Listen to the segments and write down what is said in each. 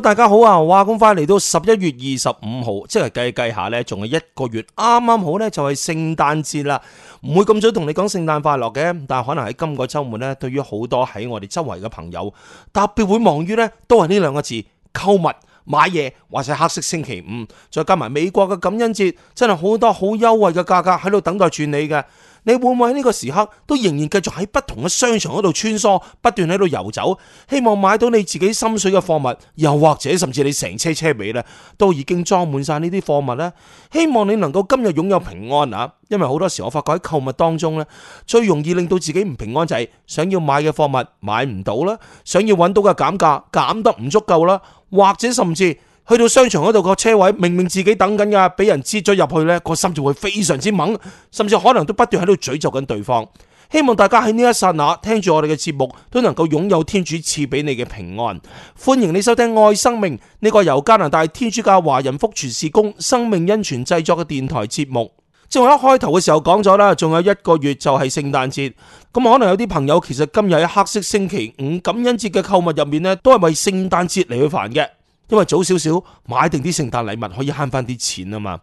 大家好啊！哇，咁快嚟到十一月二十五號，即係計計下呢，仲係一個月，啱啱好呢，就係聖誕節啦。唔會咁早同你講聖誕快樂嘅，但係可能喺今個週末呢，對於好多喺我哋周圍嘅朋友，特別會忙於呢，都係呢兩個字，購物買嘢，或者黑色星期五，再加埋美國嘅感恩節，真係好多好優惠嘅價格喺度等待住你嘅。你會唔會喺呢個時刻都仍然繼續喺不同嘅商場嗰度穿梭，不斷喺度遊走，希望買到你自己心水嘅貨物，又或者甚至你成車車尾咧都已經裝滿晒呢啲貨物啦，希望你能夠今日擁有平安吓，因為好多時我發覺喺購物當中咧，最容易令到自己唔平安就係想要買嘅貨物買唔到啦，想要揾到嘅減價減得唔足夠啦，或者甚至，去到商場嗰度個車位，明明自己等緊㗎，俾人擠咗入去呢，個心就會非常之猛，甚至可能都不斷喺度詛咒緊對方。希望大家喺呢一剎那聽住我哋嘅節目，都能夠擁有天主賜俾你嘅平安。歡迎你收聽《愛生命》呢個由加拿大天主教華人福傳事工生命恩泉製作嘅電台節目。正如一開頭嘅時候講咗啦，仲有一個月就係聖誕節，咁可能有啲朋友其實今日喺黑色星期五感恩節嘅購物入面呢，都係為聖誕節嚟，去煩嘅。因為早少少買定啲聖誕禮物可以慳翻啲錢啊嘛，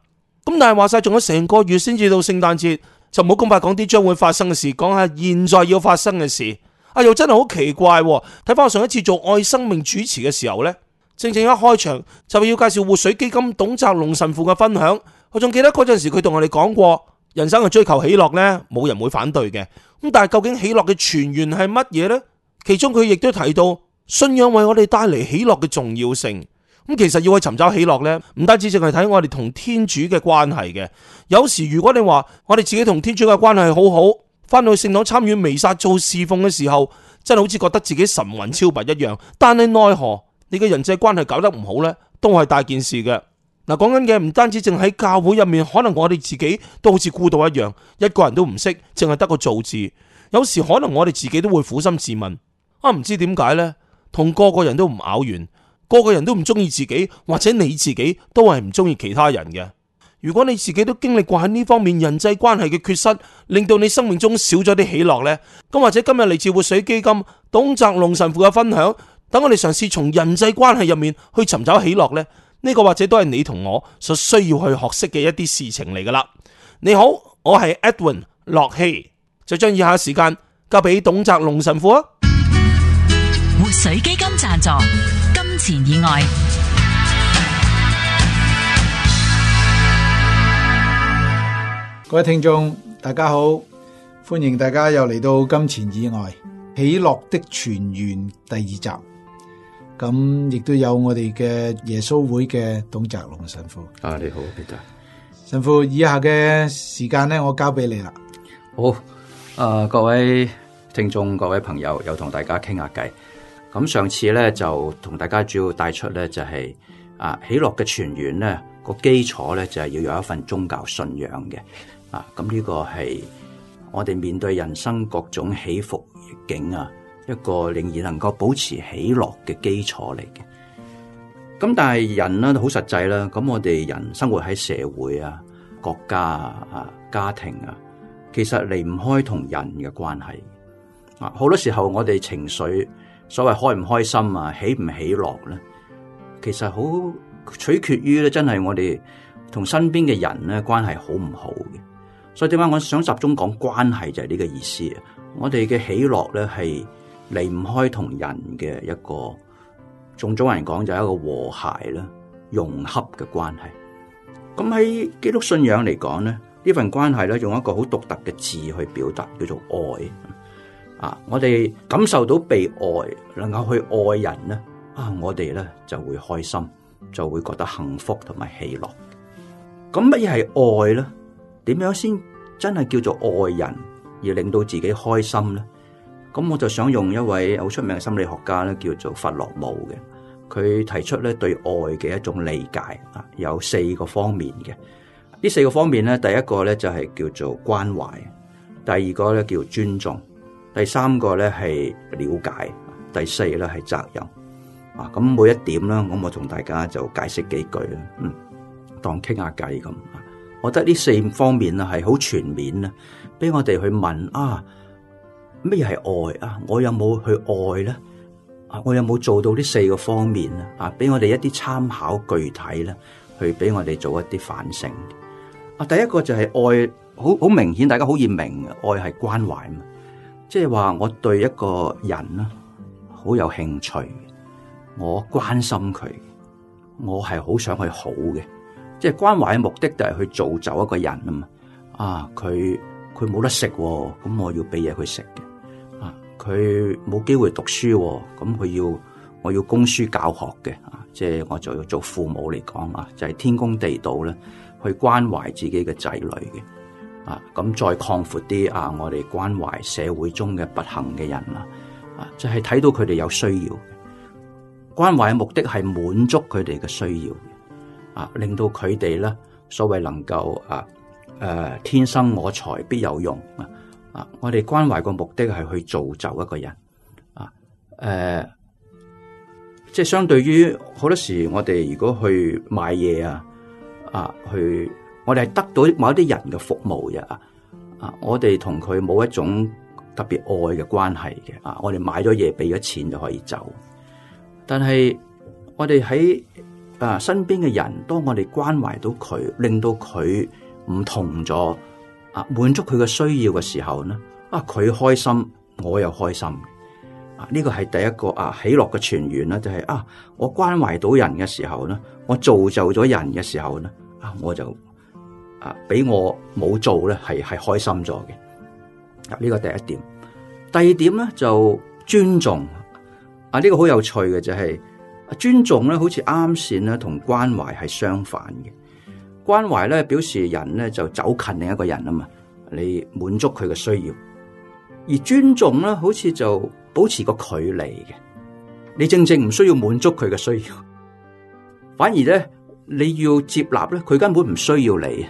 咁但係話曬仲有成個月先至到聖誕節，就唔好咁快講啲將會發生嘅事，講下現在要發生嘅事。啊又真係好奇怪，睇翻我上一次做愛生命主持嘅時候呢，正正一開場就係要介紹活水基金董澤龍神父嘅分享。我仲記得嗰陣時佢同我哋講過，人生嘅追求喜樂呢，冇人會反對嘅。咁但係究竟喜樂嘅泉源係乜嘢呢？其中佢亦都提到信仰為我哋帶嚟喜樂嘅重要性。咁其實要去尋找喜樂呢，唔單止淨係睇我哋同天主嘅關係嘅。有時如果你話我哋自己同天主嘅關係好好，翻到聖堂參與彌撒做侍奉嘅時候，真係好似覺得自己神魂超拔一樣。但係奈何你嘅人際關係搞得唔好呢，都係大件事嘅。嗱，講緊嘅唔單止淨喺教會入面，可能我哋自己都好似孤獨一樣，一個人都唔識，淨係得個造字。有時可能我哋自己都會苦心自問，啊，唔知點解呢？同個個人都唔咬完。個個人都唔中意自己，或者你自己都係唔中意其他人嘅。如果你自己都經歷過喺呢方面人際關係嘅缺失，令到你生命中少咗啲喜樂呢？咁或者今日嚟自活水基金董澤龍神父嘅分享，等我哋嘗試從人際關係入面去尋找喜樂呢。呢、呢個或者都係你同我所需要去學識嘅一啲事情嚟噶啦。你好，我係 Edwin 駱曦，就將以下的時間交俾董澤龍神父啊。活水基金贊助。錢以外，各位聽眾大家好，歡迎大家又嚟到《金錢以外》喜樂的泉源第二集，咁亦都有我哋嘅耶穌會嘅董澤龍神父。啊，你好 Peter 神父，以下嘅時間咧，我交俾你啦。好，誒、呃，各位聽眾，各位朋友，又同大家傾下偈。咁上次咧就同大家主要帶出咧就係啊喜樂嘅泉源咧個基礎咧就係要有一份宗教信仰嘅啊。咁呢個係我哋面對人生各種起伏逆境啊，一個仍然能夠保持喜樂嘅基礎嚟嘅。咁但係人咧好實際啦，咁我哋人生活喺社會啊、國家啊、家庭啊，其實離唔開同人嘅關係啊。好多時候我哋情緒，所謂開唔開心啊，喜唔喜樂咧，其實好取決於咧，真係我哋同身邊嘅人咧關係好唔好嘅。所以點解我想集中講關係就係呢個意思啊。我哋嘅喜樂咧係離唔開同人嘅一個，仲中國人講就係一個和諧啦、融洽嘅關係。咁喺基督信仰嚟講咧，呢份關係咧用一個好獨特嘅字去表達，叫做愛。啊！我哋感受到被愛，能夠去愛人咧，啊，我哋咧就會開心，就會覺得幸福同埋喜樂。咁乜嘢係愛咧？點樣先真係叫做愛人而令到自己開心咧？咁我就想用一位好出名嘅心理學家咧，叫做弗洛姆嘅，佢提出咧對愛嘅一種理解啊，有四個方面嘅。呢四個方面咧，第一個咧就係叫做關懷，第二個咧叫尊重。第三個咧係了解，第四呢係責任啊。咁每一點咧，咁我同大家就解釋幾句啦，嗯，當傾下計咁啊。我覺得呢四方面啊係好全面啊，俾我哋去問啊咩係愛啊？我有冇去愛咧？我有冇做到呢四個方面啊？俾我哋一啲參考具體呢，去俾我哋做一啲反省啊。第一個就係愛，好好明顯，大家好易明，愛係關懷即係話我對一個人啦，好有興趣，我關心佢，我係好想去好嘅，即係關懷嘅目的就係去造就一個人啊嘛。啊，佢佢冇得食，咁我要俾嘢佢食嘅。啊，佢冇機會讀書，咁佢要我要供書教學嘅。啊，即係我就要做父母嚟講啊，就係天公地道啦，去關懷自己嘅仔女嘅。啊，咁再擴闊啲啊，我哋關懷社會中嘅不幸嘅人啦，啊，就係、是、睇到佢哋有需要，關懷嘅目的係滿足佢哋嘅需要，啊，令到佢哋咧所謂能夠啊，誒、啊，天生我材必有用啊，啊，我哋關懷個目的係去造就一個人，啊，誒、啊，即係相對於好多時我哋如果去買嘢啊，啊，去。我哋係得到某啲人嘅服務嘅啊！啊，我哋同佢冇一種特別愛嘅關係嘅啊。我哋買咗嘢，俾咗錢就可以走。但係我哋喺啊身邊嘅人，當我哋關懷到佢，令到佢唔同咗啊，滿足佢嘅需要嘅時候咧，啊佢開心，我又開心啊。呢個係第一個啊喜樂嘅泉源呢就係、是、啊我關懷到人嘅時候咧，我造就咗人嘅時候咧啊，我就。俾我冇做咧，係係開心咗嘅。呢、這個第一點，第二點咧就尊重。啊呢、這個好有趣嘅就係、是，尊重咧好似啱先咧同關懷係相反嘅。關懷咧表示人咧就走近另一個人啊嘛，你滿足佢嘅需要，而尊重咧好似就保持個距離嘅，你正正唔需要滿足佢嘅需要，反而咧你要接納咧，佢根本唔需要你。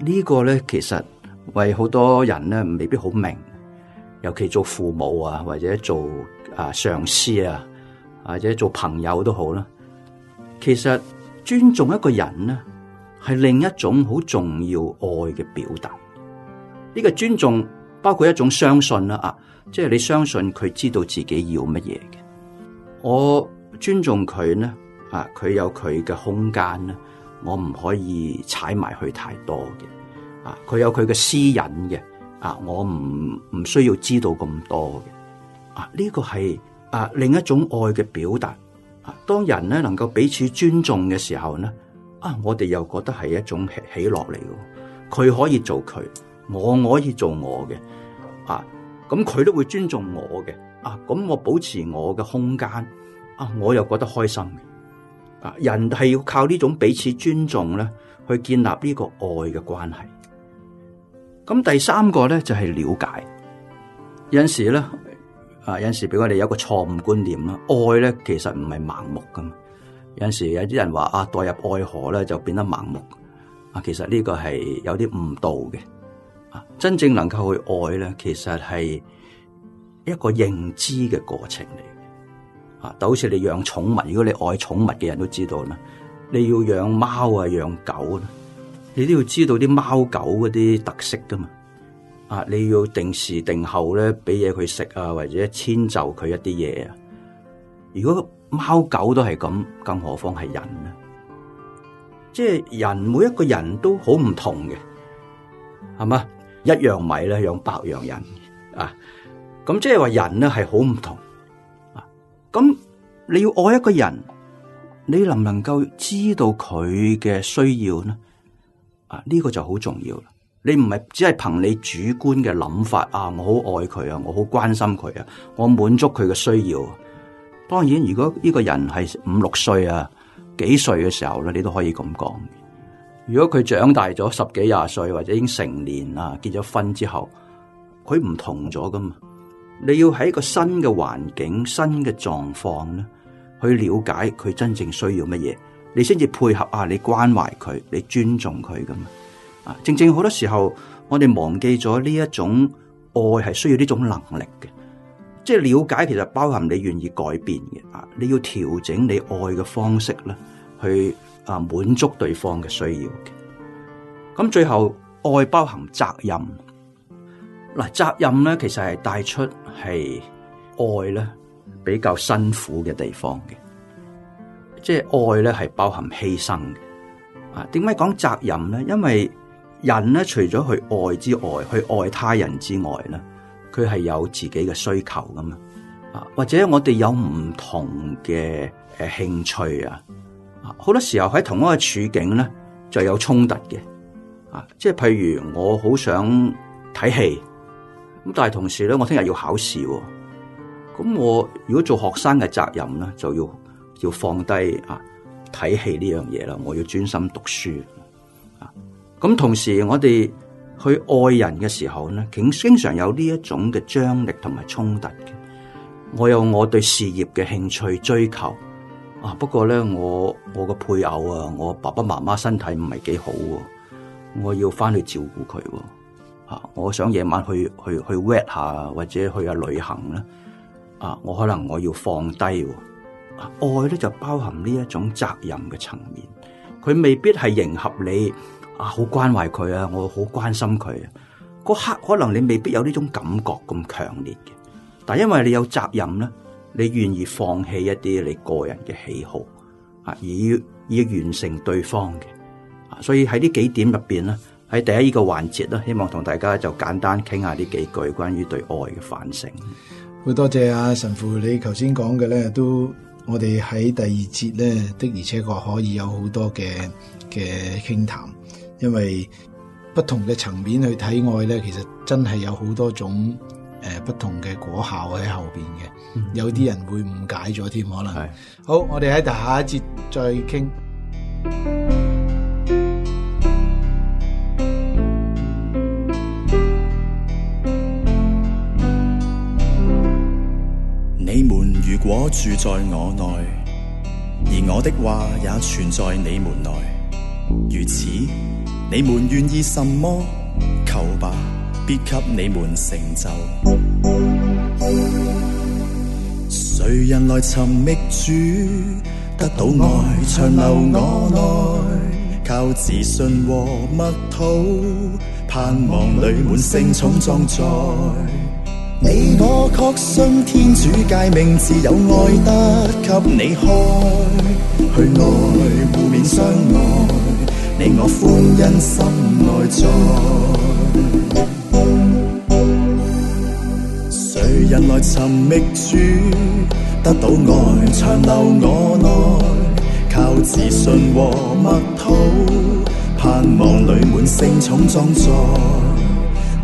呢個咧，其實為好多人咧，未必好明。尤其做父母啊，或者做啊上司啊，或者做朋友都好啦。其實尊重一個人咧，係另一種好重要愛嘅表達。呢個尊重包括一種相信啦，啊，即係你相信佢知道自己要乜嘢嘅。我尊重佢咧，啊，佢有佢嘅空間我唔可以踩埋去太多嘅，啊，佢有佢嘅私隱嘅，啊，我唔唔需要知道咁多嘅，啊，呢、這個係啊另一種愛嘅表達，啊，當人咧能夠彼此尊重嘅時候咧，啊，我哋又覺得係一種喜樂嚟嘅，佢、啊、可以做佢，我可以做我嘅，啊，咁佢都會尊重我嘅，啊，咁我保持我嘅空間，啊，我又覺得開心。啊！人係要靠呢種彼此尊重咧，去建立呢個愛嘅關係。咁第三個咧就係、是、了解。有陣時咧，啊有陣時俾我哋有一個錯誤觀念啦，愛咧其實唔係盲目噶嘛。有陣時有啲人話啊，墮入愛河咧就變得盲目。啊，其實呢個係有啲誤導嘅。啊，真正能夠去愛咧，其實係一個認知嘅過程嚟。啊，就好似你養寵物，如果你愛寵物嘅人都知道啦，你要養貓啊養狗啦，你都要知道啲貓狗嗰啲特色噶嘛。啊，你要定時定候咧，俾嘢佢食啊，或者遷就佢一啲嘢啊。如果貓狗都係咁，更何況係人呢？即係人每一個人都好唔同嘅，係嘛？一樣米咧養百樣人啊，咁即係話人咧係好唔同。咁你要愛一個人，你能唔能夠知道佢嘅需要呢？啊，呢個就好重要啦。你唔係只係憑你主觀嘅諗法啊，我好愛佢啊，我好關心佢啊，我滿足佢嘅需要啊。當然，如果呢個人係五六歲啊、幾歲嘅時候咧，你都可以咁講。如果佢長大咗十幾廿歲或者已經成年啊，結咗婚之後，佢唔同咗噶嘛。你要喺一個新嘅環境、新嘅狀況咧，去了解佢真正需要乜嘢，你先至配合啊，你關懷佢，你尊重佢噶嘛。啊，正正好多時候我哋忘記咗呢一種愛係需要呢種能力嘅。即係了解其實包含你願意改變嘅啊，你要調整你愛嘅方式去啊滿足對方嘅需要嘅。咁最後愛包含責任，嗱責任咧其實係帶出，係愛咧比較辛苦嘅地方嘅，即係愛咧係包含犧牲嘅。啊，點解講責任咧？因為人咧除咗去愛之外，去愛他人之外咧，佢係有自己嘅需求噶嘛。啊，或者我哋有唔同嘅誒興趣啊，好多時候喺同一個處境咧就有衝突嘅。啊，即係譬如我好想睇戲。咁但係同時咧，我聽日要考試，哦，咁我如果做學生嘅責任咧，就要要放低啊睇戲呢樣嘢啦，我要專心讀書啊！咁同時我哋去愛人嘅時候咧，經經常有呢一種嘅張力同埋衝突嘅。我有我對事業嘅興趣追求啊，不過咧我我個配偶啊，我爸爸媽媽身體唔係幾好，我要翻去照顧佢，哦。啊！我想夜晚去去去 wet 下，或者去下旅行咧。啊！我可能我要放低。愛咧就包含呢一種責任嘅層面，佢未必係迎合你啊，好關懷佢啊，我好關心佢啊。嗰刻可能你未必有呢種感覺咁強烈嘅，但係因為你有責任咧，你願意放棄一啲你個人嘅喜好啊，而要要完成對方嘅。啊，所以喺呢幾點入邊咧？喺第一呢個環節咧，希望同大家就簡單傾下呢幾句關於對愛嘅反省。好多謝阿、啊、神父，你頭先講嘅咧，都我哋喺第二節咧的而且確可以有好多嘅嘅傾談，因為不同嘅層面去睇愛咧，其實真係有好多種誒、呃、不同嘅果效喺後邊嘅。Mm-hmm. 有啲人會誤解咗添，可能。係。好，我哋喺下一節再傾。我住在我內，而我的話也存在你們內。如此，你們願意什麼？求吧，必給你們成就。誰人來尋覓主，得到愛長留我內？靠自信和蜜桃，盼望裏滿聖寵裝在。你我確信，天主誡命，自有愛得給你開，去愛互勉相愛，你我歡欣心內在。誰人來尋覓主，得到愛長留我內，靠自信和默禱，盼望裏滿盛重裝載。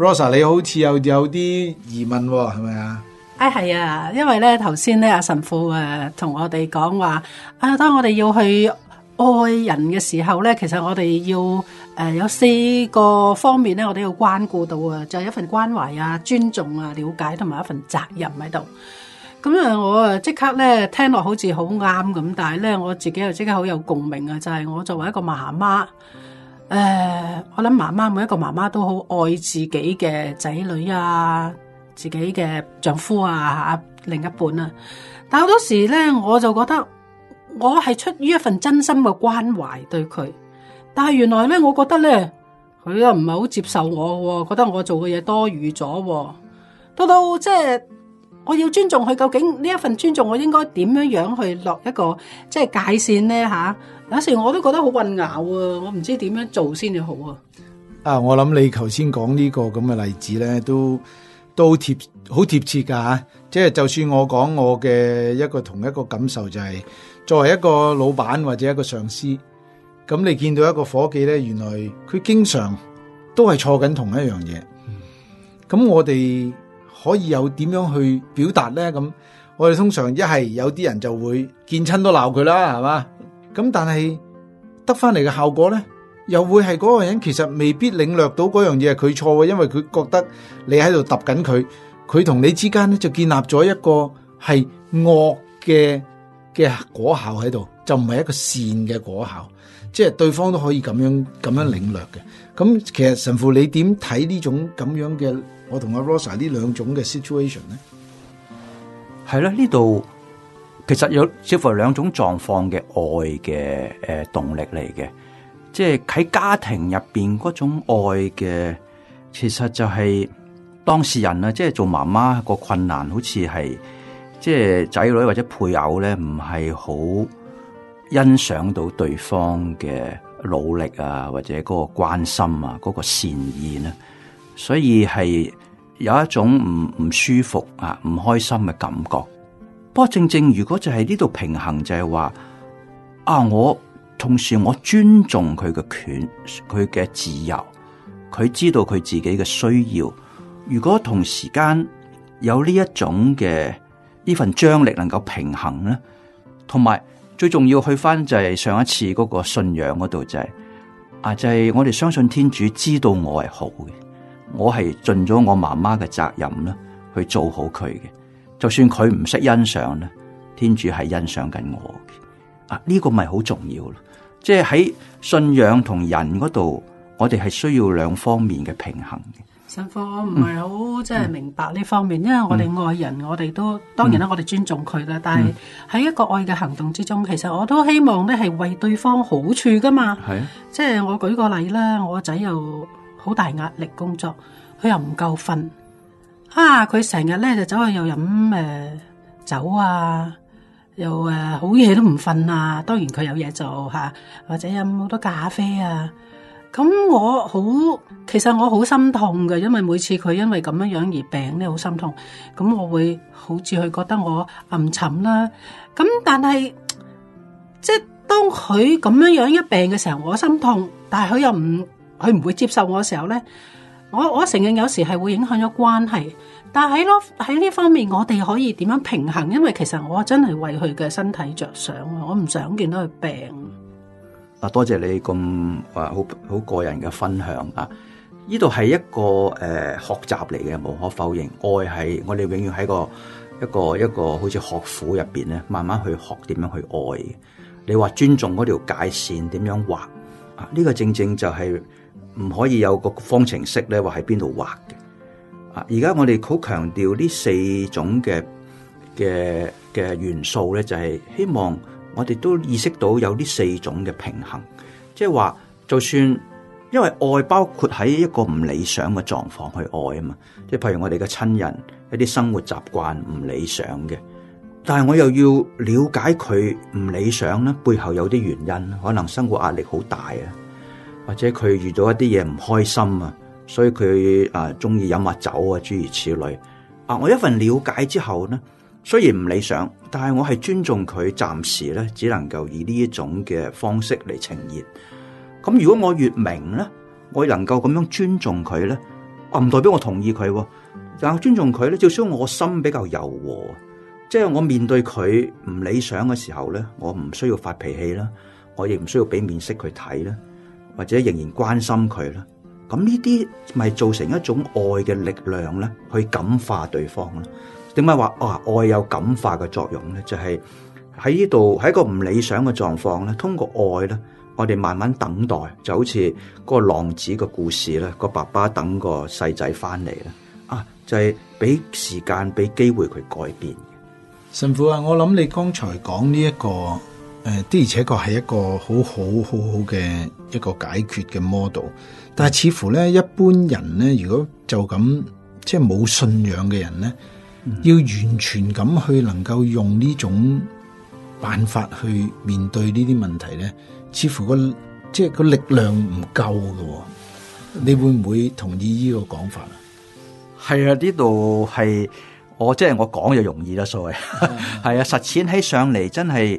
Rosa，你好似有有啲疑問喎，係咪啊？啊、哎、係啊，因為咧頭先咧阿神父誒、啊、同我哋講話啊，當我哋要去愛人嘅時候咧，其實我哋要誒、呃、有四個方面咧，我哋要關顧到啊，就係、是、一份關懷啊、尊重啊、了解同埋一份責任喺度。咁、嗯、啊，嗯、我啊即刻咧聽落好似好啱咁，但係咧我自己又即刻好有共鳴啊，就係、是、我作為一個媽媽。誒，我諗媽媽每一個媽媽都好愛自己嘅仔女啊，自己嘅丈夫啊，吓，另一半啊。但好多時咧，我就覺得我係出於一份真心嘅關懷對佢，但係原來咧，我覺得咧，佢又唔係好接受我，覺得我做嘅嘢多餘咗，到到即係。我要尊重佢，究竟呢一份尊重我應該點樣樣去落一個即係界線咧？吓、啊、有時我都覺得好混淆啊！我唔知點樣做先至好啊！啊，我諗你頭先講呢個咁嘅、呢個、例子咧，都都貼好貼切噶、啊、即係就算我講我嘅一個同一個感受、就係，就係作為一個老闆或者一個上司，咁你見到一個伙計咧，原來佢經常都係錯緊同一樣嘢。咁、嗯、我哋。可以有點樣去表達咧？咁我哋通常一係有啲人就會見親都鬧佢啦，係嘛？咁但係得翻嚟嘅效果咧，又會係嗰個人其實未必領略到嗰樣嘢係佢錯，因為佢覺得你喺度揼緊佢，佢同你之間咧就建立咗一個係惡嘅嘅果效喺度，就唔係一個善嘅果效，即係對方都可以咁樣咁樣領略嘅。咁其實神父，你點睇呢種咁樣嘅？我同阿 Rosa 呢兩種嘅 situation 咧，係啦，呢度其實有似乎兩種狀況嘅愛嘅誒動力嚟嘅，即係喺家庭入邊嗰種愛嘅，其實就係當事人啊，即、就、係、是、做媽媽個困難好像是，好似係即係仔女或者配偶咧，唔係好欣賞到對方嘅努力啊，或者嗰個關心啊，嗰、那個善意咧、啊。所以係有一種唔唔舒服啊，唔開心嘅感覺。不過正正如果就係呢度平衡，就係話啊，我同時我尊重佢嘅權，佢嘅自由，佢知道佢自己嘅需要。如果同時間有呢一種嘅呢份張力能夠平衡咧，同埋最重要去返就係上一次嗰個信仰嗰度就係啊，就係、是、我哋相信天主知道我係好嘅。我係盡咗我媽媽嘅責任啦，去做好佢嘅，就算佢唔識欣賞咧，天主係欣賞緊我嘅，啊呢、這個咪好重要咯，即係喺信仰同人嗰度，我哋係需要兩方面嘅平衡嘅。神父唔係好即係明白呢方面、嗯，因為我哋愛人我，我哋都當然啦，我哋尊重佢啦、嗯，但係喺一個愛嘅行動之中，嗯、其實我都希望咧係為對方好處噶嘛，係啊，即係我舉個例啦，我個仔又。好大壓力工作，佢又唔夠瞓，啊！佢成日咧就走去又飲誒、呃、酒啊，又誒好夜都唔瞓啊。當然佢有嘢做吓、啊，或者飲好多咖啡啊。咁我好，其實我好心痛嘅，因為每次佢因為咁樣樣而病咧，好心痛。咁我會好似佢覺得我暗沉啦。咁但係即係當佢咁樣樣一病嘅時候，我心痛，但係佢又唔。佢唔會接受我嘅時候咧，我我承認有時係會影響咗關係，但係喺咯喺呢方面，我哋可以點樣平衡？因為其實我真係為佢嘅身體着想，我唔想見到佢病。啊，多謝你咁話好好個人嘅分享啊！呢度係一個誒、呃、學習嚟嘅，無可否認，愛係我哋永遠喺個一個，一個，一，個一個好似學府入邊咧，慢慢去學點樣去愛。你話尊重嗰條界線點樣畫啊？呢、這個正正就係、是。唔可以有個方程式咧，話喺邊度畫嘅啊！而家我哋好強調呢四種嘅嘅嘅元素咧，就係希望我哋都意識到有呢四種嘅平衡，即係話就算因為愛包括喺一個唔理想嘅狀況去愛啊嘛，即係譬如我哋嘅親人一啲生活習慣唔理想嘅，但係我又要了解佢唔理想咧背後有啲原因，可能生活壓力好大啊。或者佢遇到一啲嘢唔開心啊，所以佢啊中意飲下酒啊，諸如此類。啊，我一份了解之後咧，雖然唔理想，但係我係尊重佢，暫時咧只能夠以呢一種嘅方式嚟呈現。咁如果我越明咧，我能夠咁樣尊重佢咧，唔代表我同意佢。但係我尊重佢咧，就算我心比較柔和，即係我面對佢唔理想嘅時候咧，我唔需要發脾氣啦，我亦唔需要俾面色佢睇啦。或者仍然關心佢啦，咁呢啲咪造成一種愛嘅力量咧，去感化對方囉。點解話啊？愛有感化嘅作用咧，就係喺呢度喺一個唔理想嘅狀況咧，通過愛咧，我哋慢慢等待，就好似個浪子個故事咧，個爸爸等個細仔翻嚟咧，啊，就係、是、俾時間俾機會佢改變。神父啊，我諗你剛才講呢、這個呃、一個誒，很好的而且確係一個好好好好嘅一個解決嘅 model，但係似乎咧，一般人咧，如果就咁即係冇信仰嘅人咧、嗯，要完全咁去能夠用呢種辦法去面對呢啲問題咧，似乎個即係個力量唔夠喎。你會唔會同意呢個講法啊？係啊，呢度係我即係我講就容易啦，所謂係、嗯、啊，實踐起上嚟真係，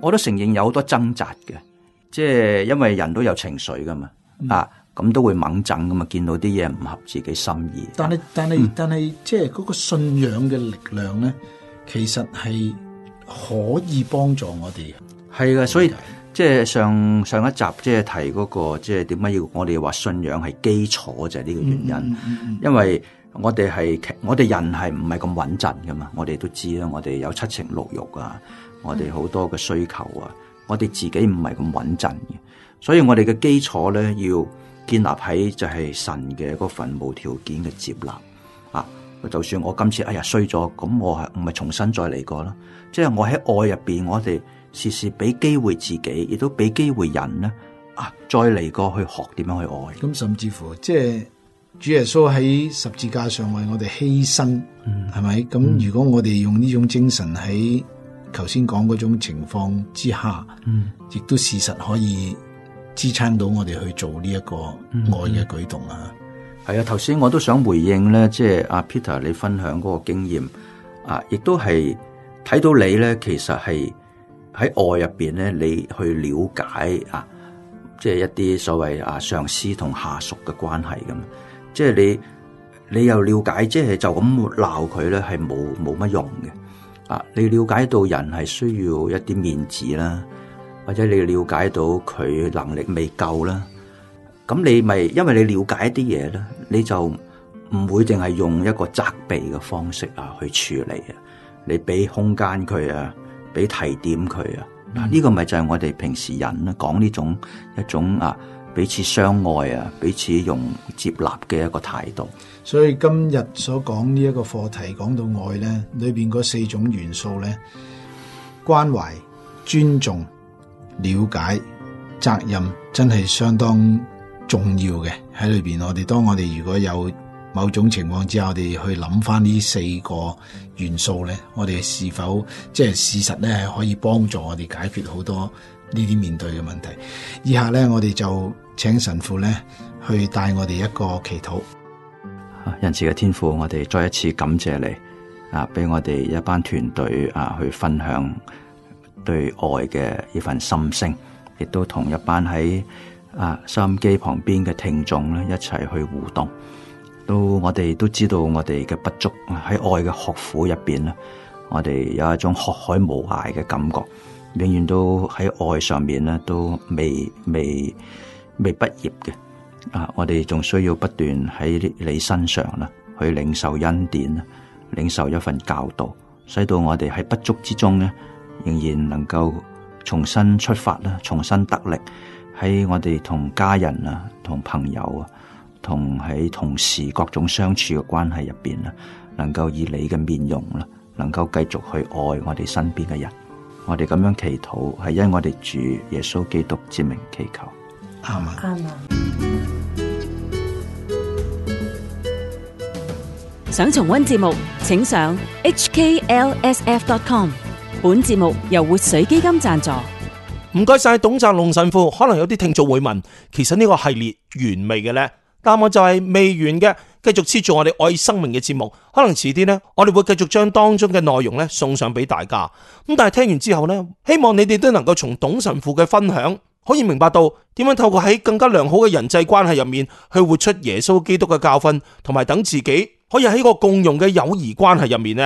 我都承認有好多掙扎嘅。即、就、係、是、因為人都有情緒噶嘛，嗯、啊咁都會猛震噶嘛，見到啲嘢唔合自己心意。但係但係、嗯、但係，即係嗰個信仰嘅力量咧，其實係可以幫助我哋。係啊，所以即係、嗯就是、上上一集即係提嗰、那個，即係點解要我哋話信仰係基礎就係呢個原因。嗯嗯嗯、因為我哋係我哋人係唔係咁穩陣噶嘛，我哋都知啦，我哋有七情六欲啊，我哋好多嘅需求啊。嗯嗯我哋自己唔係咁穩陣嘅，所以我哋嘅基礎咧要建立喺就係神嘅嗰份無條件嘅接納啊！就算我今次哎呀衰咗，咁我係唔係重新再嚟過啦？即係我喺愛入邊，我哋時時俾機會自己，亦都俾機會人咧啊！再嚟過去學點樣去愛。咁甚至乎，即係主耶穌喺十字架上為我哋犧牲，嗯，係咪？咁如果我哋用呢種精神喺？頭先講嗰種情況之下，嗯，亦都事實可以支撐到我哋去做呢一個愛嘅舉動，嗯嗯嗯，啊。係啊，頭先我都想回應咧，即係阿 Peter 你分享嗰個經驗啊，亦都係睇到你咧，其實係喺愛入邊咧，你去了解啊，即係一啲所謂啊上司同下屬嘅關係咁，即係你你又了解，即係就咁鬧佢咧，係冇冇乜用嘅。啊！你了解到人係需要一啲面子啦，或者你了解到佢能力未夠啦，咁你咪因為你了解一啲嘢咧，你就唔會淨係用一個責備嘅方式啊去處理啊，你俾空間佢啊，俾提點佢啊，嗱、嗯、呢個咪就係我哋平時人講呢種一種啊彼此相愛啊，彼此用接納嘅一個態度。所以今日所講呢一個課題講到愛咧，裏面嗰四種元素咧，關懷、尊重、了解、責任，真係相當重要嘅。喺裏面我，我哋當我哋如果有某種情況之下，我哋去諗翻呢四個元素咧，我哋是否即係事實咧，係可以幫助我哋解決好多呢啲面對嘅問題？以下咧，我哋就請神父咧去帶我哋一個祈禱。仁慈嘅天父，我哋再一次感謝你啊，俾我哋一班團隊啊去分享對愛嘅呢份心聲，亦都同一班喺啊收音機旁邊嘅聽眾咧一齊去互動。都我哋都知道我哋嘅不足喺愛嘅學府入邊咧，我哋有一種學海無涯嘅感覺，永遠都喺愛上面咧都未未未畢業嘅。啊！我哋仲需要不斷喺你身上啦，去領受恩典啦，領受一份教導，使到我哋喺不足之中仍然能夠重新出發啦，重新得力喺我哋同家人啊、同朋友啊、同喺同事各種相處嘅關係入邊啦，能夠以你嘅面容啦，能夠繼續去愛我哋身邊嘅人。我哋咁樣祈禱，係因我哋主耶穌基督之名祈求，阿們！阿們啊！想重温節目，請上 hklsf.com。本節目由活水基金贊助。唔該晒董贊龍神父。可能有啲聽眾會問，其實呢個系列完未嘅呢？答案就係未完嘅，繼續黐住我哋愛生命嘅節目。可能遲啲呢，我哋會繼續將當中嘅內容呢送上俾大家。咁但係聽完之後呢，希望你哋都能夠從董神父嘅分享。可以明白到點樣透過喺更加良好嘅人際關係入面去活出耶穌基督嘅教訓，同埋等自己可以喺一個共融嘅友誼關係入面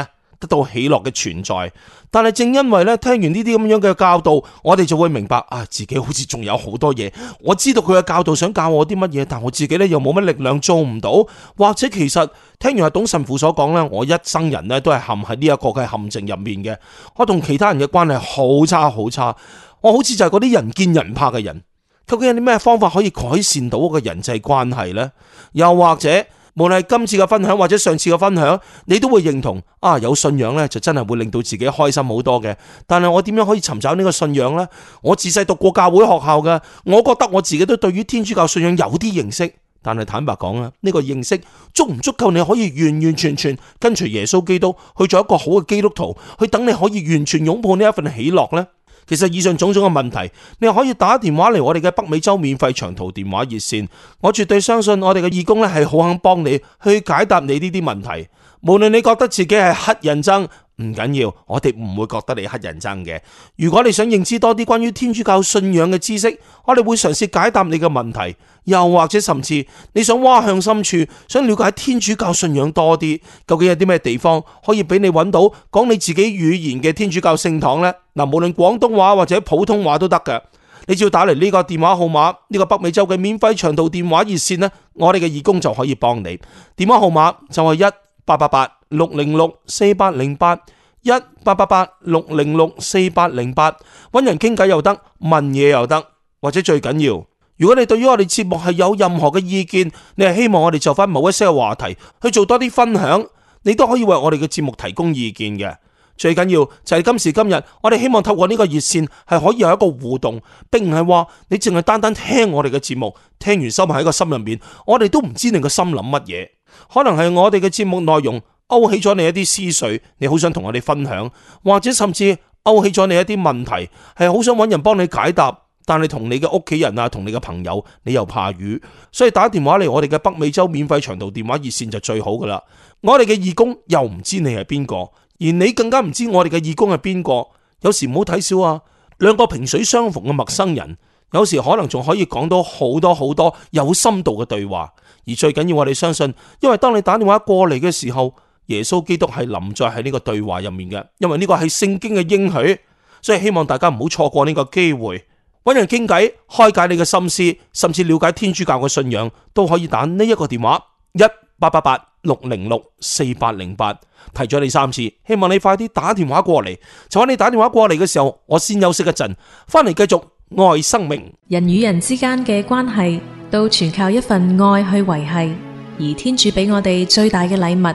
得到喜樂嘅存在。但係正因為咧聽完呢啲咁樣嘅教導，我哋就會明白啊，自己好似仲有好多嘢。我知道佢嘅教導想教我啲乜嘢，但我自己咧又冇乜力量做唔到，或者其實聽完阿董神父所講咧，我一生人咧都係陷喺呢一個嘅陷阱入面嘅，我同其他人嘅關係好差好差。我好似就係嗰啲人見人怕嘅人，究竟有啲咩方法可以改善到我嘅人際關係呢？又或者無論係今次嘅分享或者上次嘅分享，你都會認同啊？有信仰咧，就真係會令到自己開心好多嘅。但係我點樣可以尋找呢個信仰呢？我自細讀過教會學校嘅，我覺得我自己都對於天主教信仰有啲認識，但係坦白講啦，呢個認識足唔足夠你可以完完全全跟隨耶穌基督去做一個好嘅基督徒，去等你可以完全擁抱呢一份喜樂呢？其實以上種種嘅問題，你可以打電話嚟我哋嘅北美洲免費長途電話熱線，我絕對相信我哋嘅義工咧係好肯幫你去解答你呢啲問題。無論你覺得自己係乞人憎。唔緊要，我哋唔會覺得你乞人憎嘅。如果你想認知多啲關於天主教信仰嘅知識，我哋會嘗試解答你嘅問題，又或者甚至你想挖向深處，想了解天主教信仰多啲，究竟有啲咩地方可以俾你搵到講你自己語言嘅天主教聖堂呢？嗱，無論廣東話或者普通話都得㗎。你只要打嚟呢個電話號碼，呢個北美洲嘅免費長途電話熱線呢，我哋嘅義工就可以幫你。電話號碼就係一八八八。六零六四八零八一八八八六零六四八零八，揾人傾偈又得，問嘢又得，或者最緊要，如果你對於我哋節目係有任何嘅意見，你係希望我哋就翻某一些話題去做多啲分享，你都可以為我哋嘅節目提供意見嘅。最緊要就係今時今日，我哋希望透過呢個熱線係可以有一個互動，並唔係話你淨係單單聽我哋嘅節目，聽完收埋喺個心入面，我哋都唔知你個心諗乜嘢，可能係我哋嘅節目內容。勾起咗你一啲思緒，你好想同我哋分享，或者甚至勾起咗你一啲問題，係好想揾人幫你解答，但係同你嘅屋企人啊，同你嘅朋友，你又怕雨，所以打電話嚟我哋嘅北美洲免費長途電話熱線就最好噶啦。我哋嘅義工又唔知你係邊個，而你更加唔知我哋嘅義工係邊個。有時唔好睇小啊，兩個萍水相逢嘅陌生人，有時可能仲可以講到好多好多有深度嘅對話。而最緊要我哋相信，因為當你打電話過嚟嘅時候。耶穌基督係臨在喺呢個對話入面嘅，因為呢個係聖經嘅應許，所以希望大家唔好錯過呢個機會，搵人傾偈、開解你嘅心思，甚至了解天主教嘅信仰，都可以打呢一個電話一八八八六零六四八零八，提咗你三次，希望你快啲打電話過嚟。就喺你打電話過嚟嘅時候，我先休息一陣，翻嚟繼續愛生命。人與人之間嘅關係都全靠一份愛去維繫，而天主俾我哋最大嘅禮物。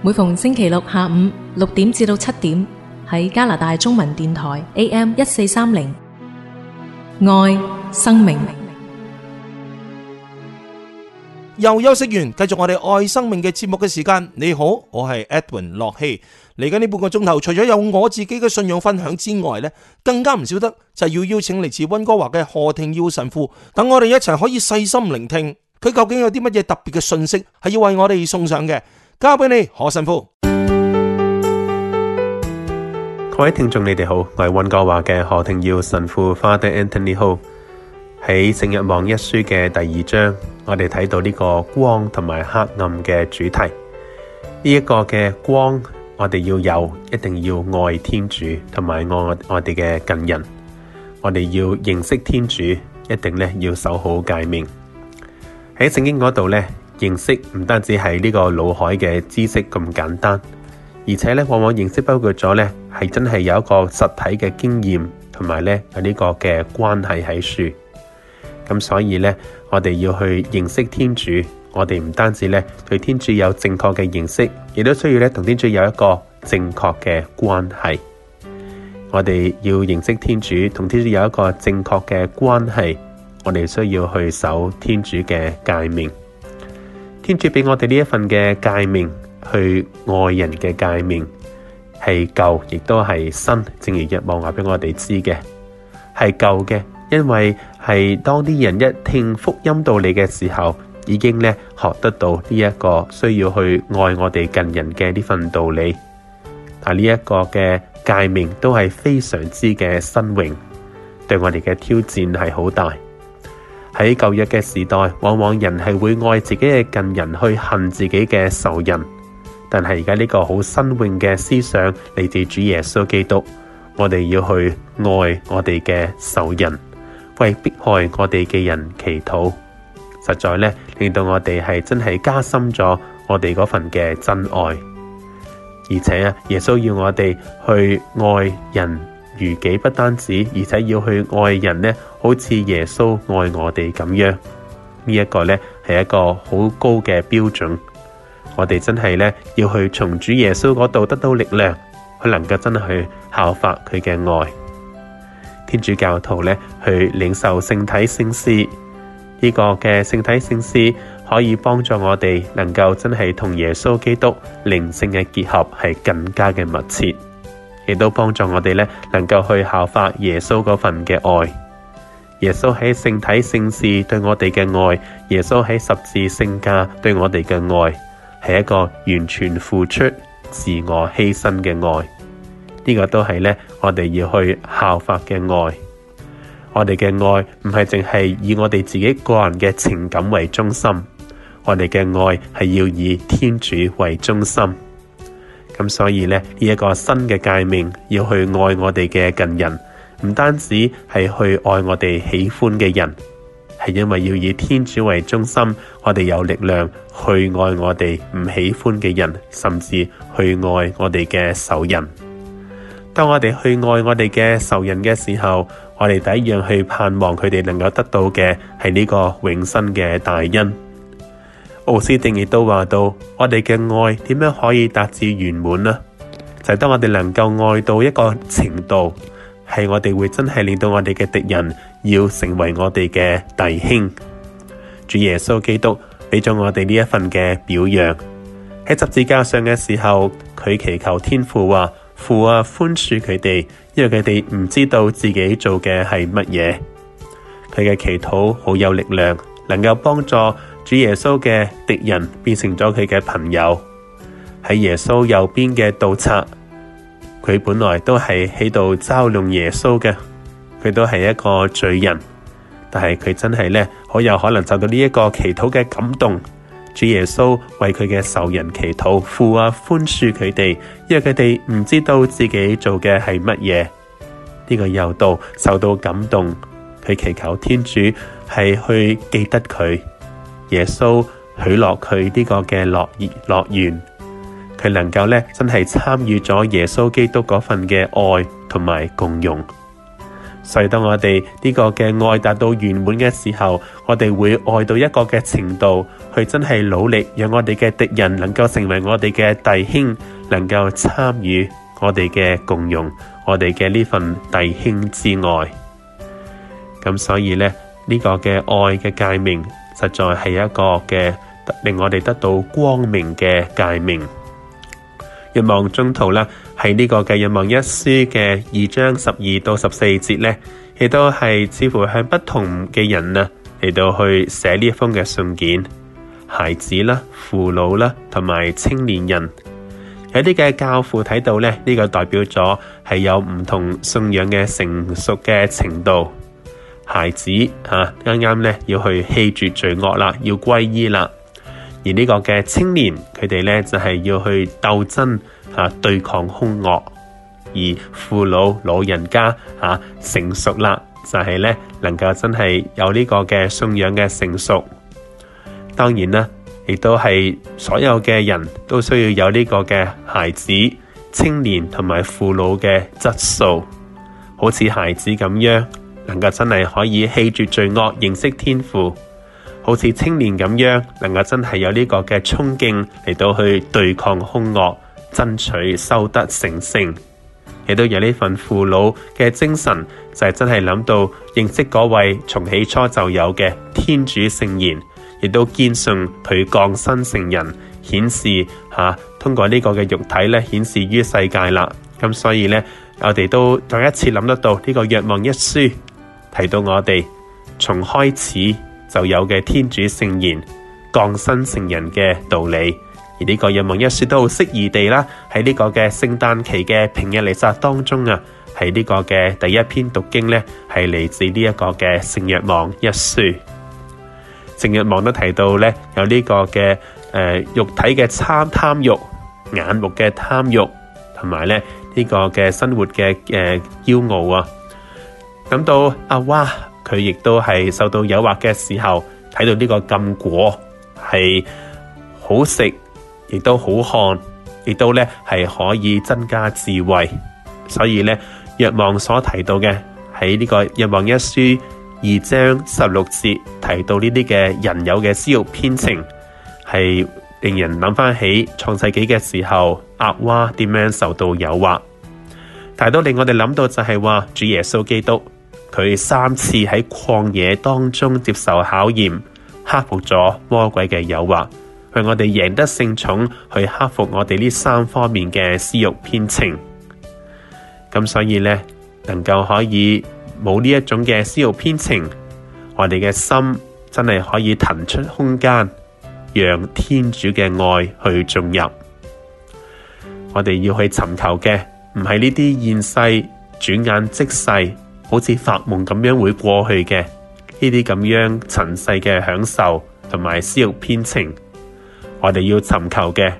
每逢星期六下午六點至到七點，喺加拿大中文電台 AM 一四三零，愛生命。又休息完，繼續我哋愛生命嘅節目嘅時間。你好，我係 Edwin 駱曦。嚟緊呢半個鐘頭，除咗有我自己嘅信仰分享之外呢，更加唔少得就係要邀請嚟自温哥華嘅何廷耀神父，等我哋一齊可以細心聆聽佢究竟有啲乜嘢特別嘅信息，係要為我哋送上嘅。交俾你，何神父。各位聽眾，你哋好，我係温哥華嘅何庭耀神父，Father Anthony Ho，好，喺《聖日望一書》嘅第二章，我哋睇到呢個光同埋黑暗嘅主題。呢、這、一個嘅光，我哋要有，一定要愛天主，同埋愛我哋嘅近人。我哋要認識天主，一定呢要守好誡命。喺聖經嗰度呢。認識唔單止係呢個腦海嘅知識咁簡單，而且咧往往認識包括咗咧，係真係有一個實體嘅經驗，同埋咧有呢個嘅關係喺書。咁所以咧，我哋要去認識天主，我哋唔單止咧對天主有正確嘅認識，亦都需要咧同天主有一個正確嘅關係。我哋要認識天主，同天主有一個正確嘅關係，我哋需要去守天主嘅誡命。獻出俾我哋呢一份嘅誡命，去愛人嘅誡命，係舊亦都係新，正如若望話俾我哋知嘅，係舊嘅，因為係當啲人一聽福音道理嘅時候，已經咧學得到呢一個需要去愛我哋近人嘅呢份道理。但呢一個嘅誡命都係非常之嘅新穎，對我哋嘅挑戰係好大。喺舊約嘅時代，往往人係會愛自己嘅近人去恨自己嘅仇人。但係而家呢個好新穎嘅思想嚟自主耶穌基督，我哋要去愛我哋嘅仇人，為迫害我哋嘅人祈禱。實在呢，令到我哋係真係加深咗我哋嗰份嘅真愛。而且啊，耶穌要我哋去愛人。如己，不單止，而且要去愛人呢，好似耶穌愛我哋咁樣。呢一個呢，係一個好高嘅標準。我哋真係呢，要去從主耶穌嗰度得到力量，佢能夠真係去效法佢嘅愛。天主教徒呢，去領受聖體聖事，呢個嘅聖體聖事可以幫助我哋能夠真係同耶穌基督靈性嘅結合係更加嘅密切。亦都幫助我哋咧，能夠去效法耶穌嗰份嘅愛。耶穌喺聖體聖事對我哋嘅愛，耶穌喺十字聖架對我哋嘅愛，係一個完全付出、自我犧牲嘅愛。呢、這個都係咧，我哋要去效法嘅愛。我哋嘅愛唔係淨係以我哋自己個人嘅情感為中心，我哋嘅愛係要以天主為中心。咁所以呢，呢一個新嘅界面要去愛我哋嘅近人，唔單止係去愛我哋喜歡嘅人，係因為要以天主為中心，我哋有力量去愛我哋唔喜歡嘅人，甚至去愛我哋嘅仇人。當我哋去愛我哋嘅仇人嘅時候，我哋第一樣去盼望佢哋能夠得到嘅係呢個永生嘅大恩。奧斯定亦都話到，我哋嘅愛點樣可以達至圓滿呢？就係、是、當我哋能夠愛到一個程度，係我哋會真係令到我哋嘅敵人要成為我哋嘅弟兄。主耶穌基督俾咗我哋呢一份嘅表揚。喺十字架上嘅時候，佢祈求天父話父啊，寬恕佢哋，因為佢哋唔知道自己做嘅係乜嘢。佢嘅祈禱好有力量，能夠幫助。主耶穌嘅敵人變成咗佢嘅朋友，喺耶穌右邊嘅盜賊，佢本來都係喺度嘲弄耶穌嘅，佢都係一個罪人，但係佢真係呢，好有可能受到呢一個祈禱嘅感動。主耶穌為佢嘅仇人祈禱，父啊，寬恕佢哋，因為佢哋唔知道自己做嘅係乜嘢。呢、呢個猶道受到感動，佢祈求天主係去記得佢。耶穌許諾佢呢個嘅樂園，佢能夠呢真係參與咗耶穌基督嗰份嘅愛同埋共融。所以，當我哋呢個嘅愛達到圓滿嘅時候，我哋會愛到一個嘅程度去，真係努力讓我哋嘅敵人能夠成為我哋嘅弟兄，能夠參與我哋嘅共融，我哋嘅呢份弟兄之愛。咁所以呢，呢、呢個嘅愛嘅誡命。實在係一個嘅令我哋得到光明嘅界名。若望中途啦，喺呢個嘅若望一書嘅二章十二到十四節呢，亦都係似乎向不同嘅人呢嚟到去寫呢一封嘅信件。孩子啦、父老啦、同埋青年人，有啲嘅教父睇到呢，呢、呢個代表咗係有唔同信仰嘅成熟嘅程度。孩子啊，啱啱咧要去棄絕罪惡啦，要歸依啦。而呢個嘅青年，佢哋咧就係、是、要去鬥爭吓、啊，對抗凶惡。而父老老人家吓、啊、成熟啦，就係、是、咧能夠真係有呢個嘅信仰嘅成熟。當然啦，亦都係所有嘅人都需要有呢個嘅孩子、青年同埋父老嘅質素，好似孩子咁樣，能夠真係可以棄絕罪惡，認識天父，好似青年咁樣，能夠真係有呢個嘅衝勁嚟到去對抗凶惡，爭取修得成聖，亦都有呢份父老嘅精神，就係、是、真係諗到認識嗰位從起初就有嘅天主聖言，亦都堅信佢降生成人顯示吓、啊，通過呢個嘅肉體咧顯示於世界啦。咁所以呢，我哋都再一次諗得到呢、這個《若望一書》。提到我哋從開始就有嘅天主聖言降生成人嘅道理，而呢、這個《若望一書》都好適宜地啦，喺呢個嘅聖誕期嘅平日彌撒當中啊，喺呢個嘅第一篇讀經呢，係嚟自呢、這、一個嘅《聖若望一書》。聖若望都提到呢，有呢、這個嘅誒、呃，肉體嘅貪貪欲、眼目嘅貪欲，同埋呢，呢、這個嘅生活嘅誒驕傲啊。咁到阿娃佢亦都係受到誘惑嘅時候，睇到呢個禁果係好食，亦都好看，亦都咧係可以增加智慧，所以咧若望所提到嘅喺呢個若望一書二章十六節提到呢啲嘅人有嘅私欲偏情係令人諗翻起創世紀嘅時候，阿娃點樣受到誘惑，提到，令，到令我哋諗到就係話主耶穌基督。佢三次喺曠野當中接受考驗，克服咗魔鬼嘅誘惑，為我哋贏得聖寵，去克服我哋呢三方面嘅私欲偏情。咁所以呢，能夠可以冇呢一種嘅私欲偏情，我哋嘅心真係可以騰出空間，讓天主嘅愛去進入。我哋要去尋求嘅唔係呢啲現世，轉眼即逝。好似發夢咁樣會過去嘅呢啲咁樣塵世嘅享受同埋私慾偏情，我哋要尋求嘅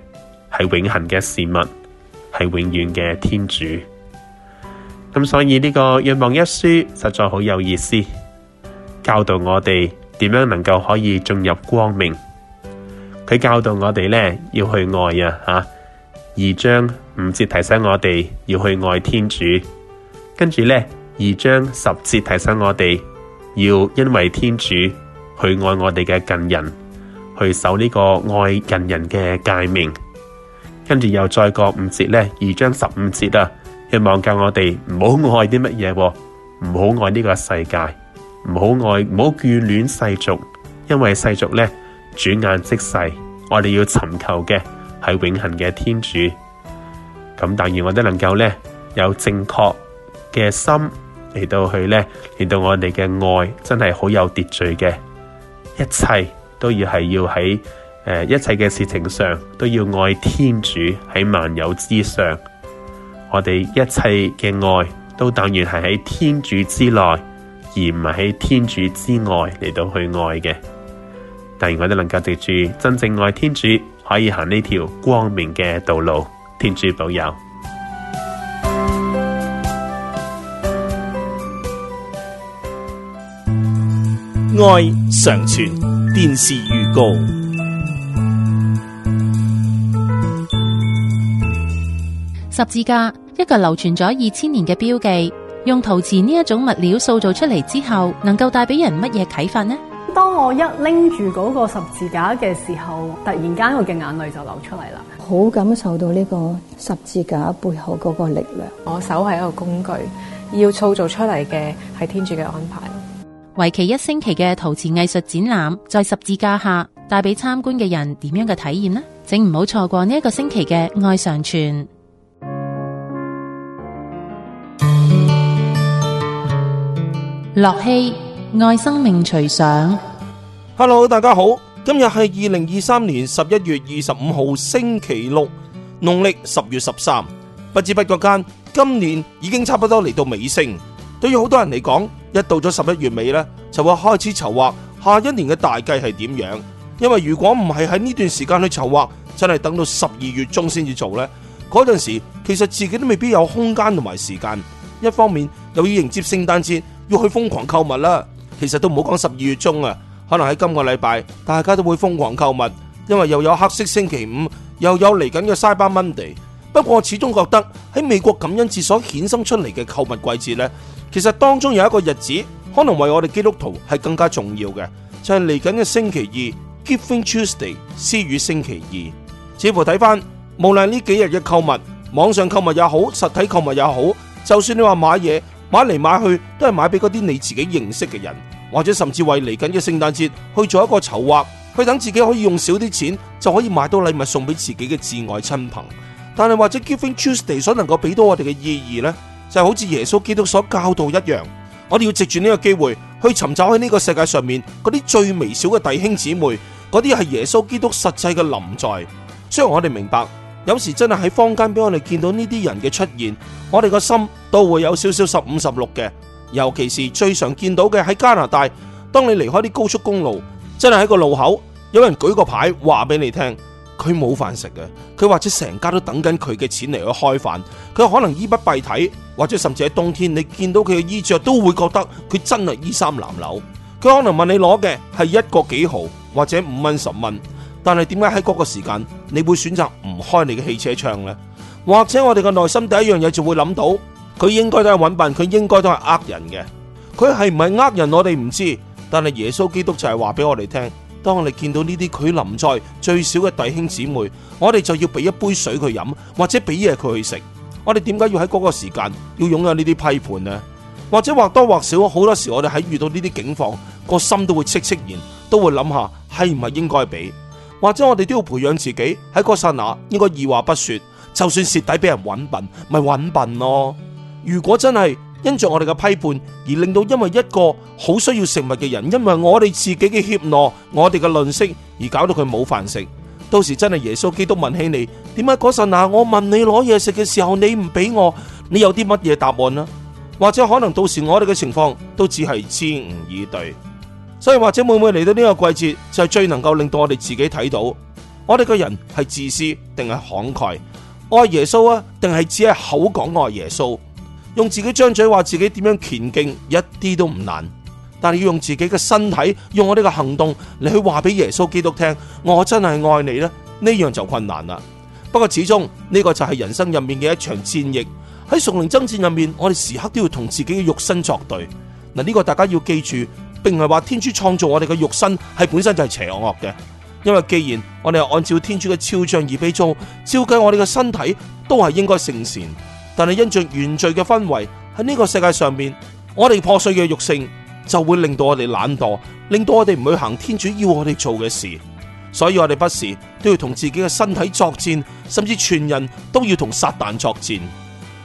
係永恒嘅事物，係永遠嘅天主。咁所以呢個《若望一書》實在好有意思，教導我哋點樣能夠可以進入光明。佢教導我哋呢，要去愛啊，吓，二章五節提醒我哋要去愛天主，跟住呢。而章十節提醒我哋，要因為天主去愛我哋嘅近人，去守呢個愛近人嘅誡命。跟住又再過五節呢，二章十五節啦，希望教我哋唔好愛啲乜嘢？唔好愛呢個世界，唔好愛，唔好眷戀世俗，因為世俗呢，轉眼即逝。我哋要尋求嘅係永恒嘅天主。咁但願我哋能夠呢，有正確嘅心。嚟到去咧，令到我哋嘅愛真係好有秩序嘅，一切都要係要喺誒、呃、一切嘅事情上都要愛天主喺萬有之上，我哋一切嘅愛都等於係喺天主之內，而唔係喺天主之外嚟到去愛嘅。但係我都能夠藉住真正愛天主，可以行呢條光明嘅道路，天主保佑。愛常傳電視預告。十字架一個流傳咗二千年嘅標記，用陶瓷呢一種物料塑造出嚟之後，能夠帶俾人乜嘢啟發呢？當我一拎住嗰個十字架嘅時候，突然間我嘅眼淚就流出嚟啦，好感受到呢個十字架背後嗰個力量。我手係一個工具，要塑造出嚟嘅係天主嘅安排。為期一星期嘅陶瓷藝術展覽，在十字架下帶俾參觀嘅人點樣嘅體驗呢？請唔好錯過呢一個星期嘅愛上傳。駱曦、愛生命隨想。Hello，大家好，今日係二零二三年十一月二十五號星期六，農曆十月十三。不知不覺間，今年已經差不多嚟到尾聲。對於好多人嚟講，一到咗十一月尾呢，就會開始籌劃下一年嘅大計係點樣。因為如果唔係喺呢段時間去籌劃，真係等到十二月中先至做呢，嗰陣時其實自己都未必有空間同埋時間。一方面又要迎接聖誕節，要去瘋狂購物啦。其實都唔好講十二月中啊，可能喺今個禮拜大家都會瘋狂購物，因為又有黑色星期五，又有嚟緊嘅 Cyber Monday。不過我始終覺得喺美國感恩節所衍生出嚟嘅購物季節呢，其實當中有一個日子可能為我哋基督徒係更加重要嘅，就係嚟緊嘅星期二 Giving Tuesday，施予星期二。似乎睇翻，無論呢幾日嘅購物，網上購物也好，實體購物也好，就算你話買嘢買嚟買去，都係買俾嗰啲你自己認識嘅人，或者甚至為嚟緊嘅聖誕節去做一個籌劃，去等自己可以用少啲錢就可以買到禮物送俾自己嘅摯愛親朋。但係或者 Giving Tuesday 所能夠俾到我哋嘅意義呢，就係好似耶穌基督所教導一樣，我哋要藉住呢個機會去尋找喺呢個世界上面嗰啲最微小嘅弟兄姊妹，嗰啲係耶穌基督實際嘅臨在。雖然我哋明白，有時真係喺坊間俾我哋見到呢啲人嘅出現，我哋個心都會有少少十五十六嘅，尤其是最常見到嘅喺加拿大，當你離開啲高速公路，真係喺個路口有人舉個牌話俾你聽。佢冇飯食嘅，佢或者成家都等緊佢嘅錢嚟去開飯，佢可能衣不蔽體，或者甚至喺冬天你見到佢嘅衣着都會覺得佢真係衣衫襤褸。佢可能問你攞嘅係一個幾毫或者五蚊十蚊，但係點解喺嗰個時間你會選擇唔開你嘅汽車窗呢？或者我哋嘅內心第一樣嘢就會諗到，佢應該都係搵笨，佢應該都係呃人嘅。佢係唔係呃人我哋唔知，但係耶穌基督就係話俾我哋聽。當你見到呢啲佢臨在最少嘅弟兄姊妹，我哋就要俾一杯水佢飲，或者俾嘢佢去食。我哋點解要喺嗰個時間要擁有呢啲批判呢？或者或多或少，好多時我哋喺遇到呢啲境況，個心都會戚戚然，都會諗下係唔係應該俾？或者我哋都要培養自己喺嗰剎那應該二話不說，就算蝕底俾人揾笨，咪揾笨咯。如果真係，因着我哋嘅批判而令到，因為一個好需要食物嘅人，因為我哋自己嘅怯懦，我哋嘅吝嗇而搞到佢冇飯食。到時真係耶穌基督問起你，點解嗰剎那我問你攞嘢食嘅時候你唔俾我？你有啲乜嘢答案啊？或者可能到時我哋嘅情況都只係無言以對。所以或者每每嚟到呢個季節，就係最能夠令到我哋自己睇到，我哋嘅人係自私定係慷慨？愛耶穌啊？定係只係口講愛耶穌？用自己張嘴話自己點樣虔敬，一啲都唔難。但係要用自己嘅身體，用我哋嘅行動嚟去話俾耶穌基督聽，我真係愛你呢，呢樣就困難啦。不過始終呢、呢個就係人生入面嘅一場戰役。喺屬靈爭戰入面，我哋時刻都要同自己嘅肉身作對。嗱，呢個大家要記住，並唔係話天主創造我哋嘅肉身係本身就係邪惡嘅。因為既然我哋係按照天主嘅肖像而被造，照計我哋嘅身體都係應該聖善。但係因著原罪嘅氛圍喺呢個世界上面，我哋破碎嘅肉性就會令到我哋懶惰，令到我哋唔去行天主要我哋做嘅事，所以我哋不時都要同自己嘅身體作戰，甚至全人都要同撒旦作戰。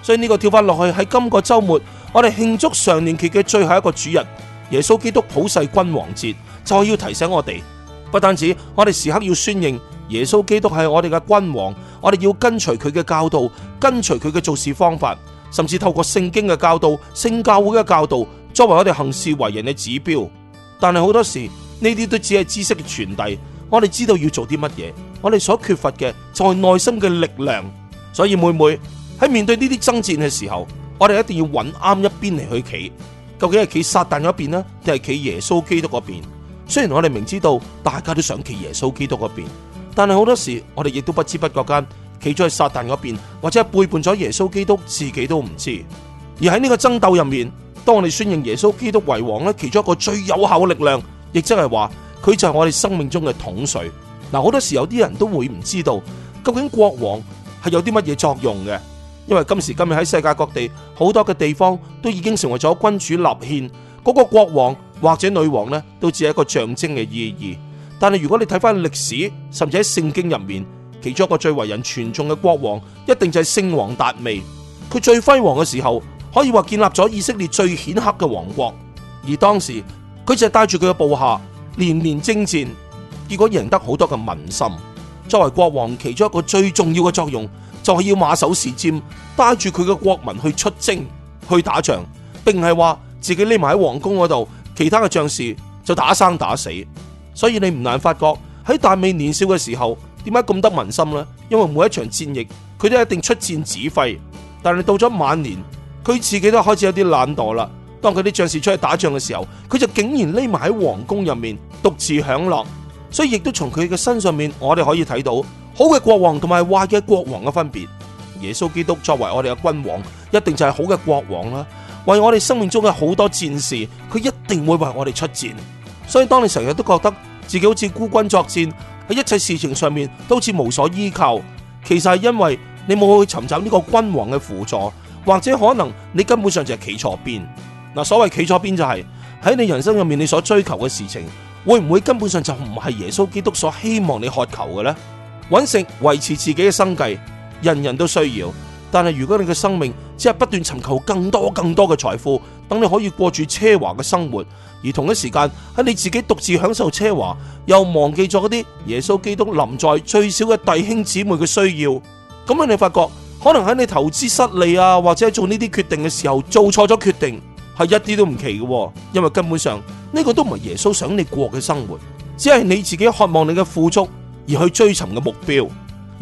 所以呢個跳翻落去喺今個周末，我哋慶祝上年期嘅最後一個主日——耶穌基督普世君王節，就要提醒我哋，不單止我哋時刻要宣認。耶穌基督係我哋嘅君王，我哋要跟隨佢嘅教導，跟隨佢嘅做事方法，甚至透過聖經嘅教導、聖教會嘅教導，作為我哋行事為人嘅指標。但係好多時呢啲都只係知識嘅傳遞，我哋知道要做啲乜嘢，我哋所缺乏嘅就係內心嘅力量。所以每每喺面對呢啲爭戰嘅時候，我哋一定要揾啱一邊嚟去企，究竟係企撒旦嗰邊呢，定係企耶穌基督嗰邊？雖然我哋明知道大家都想企耶穌基督嗰邊。但係好多時，我哋亦都不知不覺間，企咗喺撒旦嗰邊，或者背叛咗耶穌基督，自己都唔知。而喺呢個爭鬥入面，當我哋宣認耶穌基督為王咧，其中一個最有效嘅力量，亦即係話佢就係我哋生命中嘅統帥。嗱，好多時有啲人都會唔知道，究竟國王係有啲乜嘢作用嘅？因為今時今日喺世界各地好多嘅地方，都已經成為咗君主立憲，嗰個國王或者女王呢，都只係一個象徵嘅意義。但係如果你睇翻，歷史，甚至喺聖經入面，其中一個最為人傳頌嘅國王，一定就係聖王達味。佢最輝煌嘅時候，可以話建立咗以色列最顯赫嘅王國。而當時佢就係帶住佢嘅部下，連連征戰，結果贏得好多嘅民心。作為國王，其中一個最重要嘅作用，就係、是、要馬首是瞻，帶住佢嘅國民去出征、去打仗，並唔係話自己匿埋喺皇宮嗰度，其他嘅將士就打生打死。所以你唔難發覺喺大美年少嘅時候點解咁得民心呢？因為每一場戰役佢都一定出戰指揮，但係到咗晚年佢自己都開始有啲懶惰啦。當佢啲將士出去打仗嘅時候，佢就竟然匿埋喺皇宮入面獨自享樂。所以亦都從佢嘅身上面，我哋可以睇到好嘅國王同埋壞嘅國王嘅分別。耶穌基督作為我哋嘅君王，一定就係好嘅國王啦。為我哋生命中嘅好多戰士，佢一定會為我哋出戰。所以當你成日都覺得自己好似孤軍作戰，喺一切事情上面都似無所依靠，其實係因為你冇去尋找呢個君王嘅輔助，或者可能你根本上就係企錯邊。嗱，所謂企錯邊就係、是、喺你人生入面你所追求嘅事情，會唔會根本上就唔係耶穌基督所希望你渴求嘅呢？揾食維持自己嘅生計，人人都需要，但係如果你嘅生命只係不斷尋求更多更多嘅財富。等你可以過住奢華嘅生活，而同一時間喺你自己獨自享受奢華，又忘記咗嗰啲耶穌基督臨在最少嘅弟兄姊妹嘅需要，咁你發覺可能喺你投資失利啊，或者做呢啲決定嘅時候做錯咗決定，係一啲都唔奇嘅，因為根本上呢個都唔係耶穌想你過嘅生活，只係你自己渴望你嘅富足而去追尋嘅目標。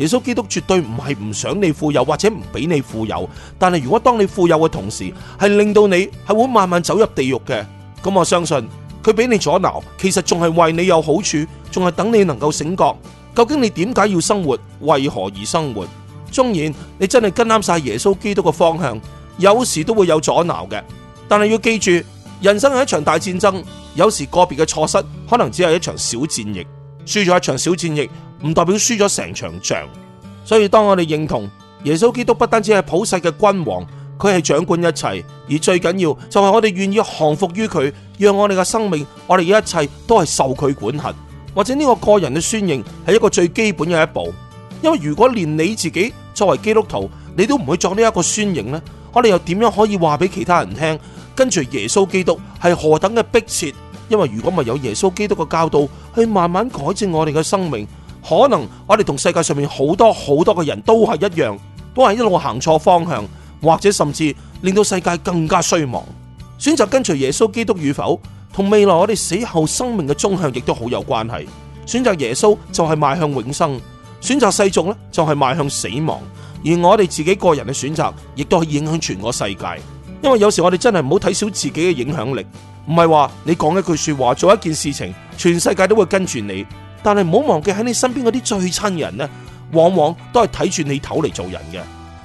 耶穌基督絕對唔係唔想你富有或者唔俾你富有，但係如果當你富有嘅同時係令到你係會慢慢走入地獄嘅，咁我相信佢俾你阻撓，其實仲係為你有好處，仲係等你能夠醒覺。究竟你點解要生活？為何而生活？縱然你真係跟啱晒耶穌基督嘅方向，有時都會有阻撓嘅，但係要記住，人生係一場大戰爭，有時個別嘅錯失可能只係一場小戰役，輸咗一場小戰役。唔代表輸咗成場仗，所以當我哋認同耶穌基督不單止係普世嘅君王，佢係掌管一切，而最緊要就係我哋願意降服於佢，讓我哋嘅生命、我哋嘅一切都係受佢管轄。或者呢個個人嘅宣認係一個最基本嘅一步，因為如果連你自己作為基督徒你都唔會作呢一個宣認呢，我哋又點樣可以話俾其他人聽？跟住耶穌基督係何等嘅迫切？因為如果咪有耶穌基督嘅教導去慢慢改正我哋嘅生命。可能我哋同世界上面好多好多嘅人都係一樣，都係一路行錯方向，或者甚至令到世界更加衰亡。選擇跟隨耶穌基督與否，同未來我哋死後生命嘅終向亦都好有關係。選擇耶穌就係邁向永生，選擇世俗呢就係邁向死亡。而我哋自己個人嘅選擇，亦都可以影響全個世界。因為有時我哋真係唔好睇小自己嘅影響力，唔係話你講一句說話，做一件事情，全世界都會跟住你。但係唔好忘記喺你身邊嗰啲最親人呢，往往都係睇住你頭嚟做人嘅。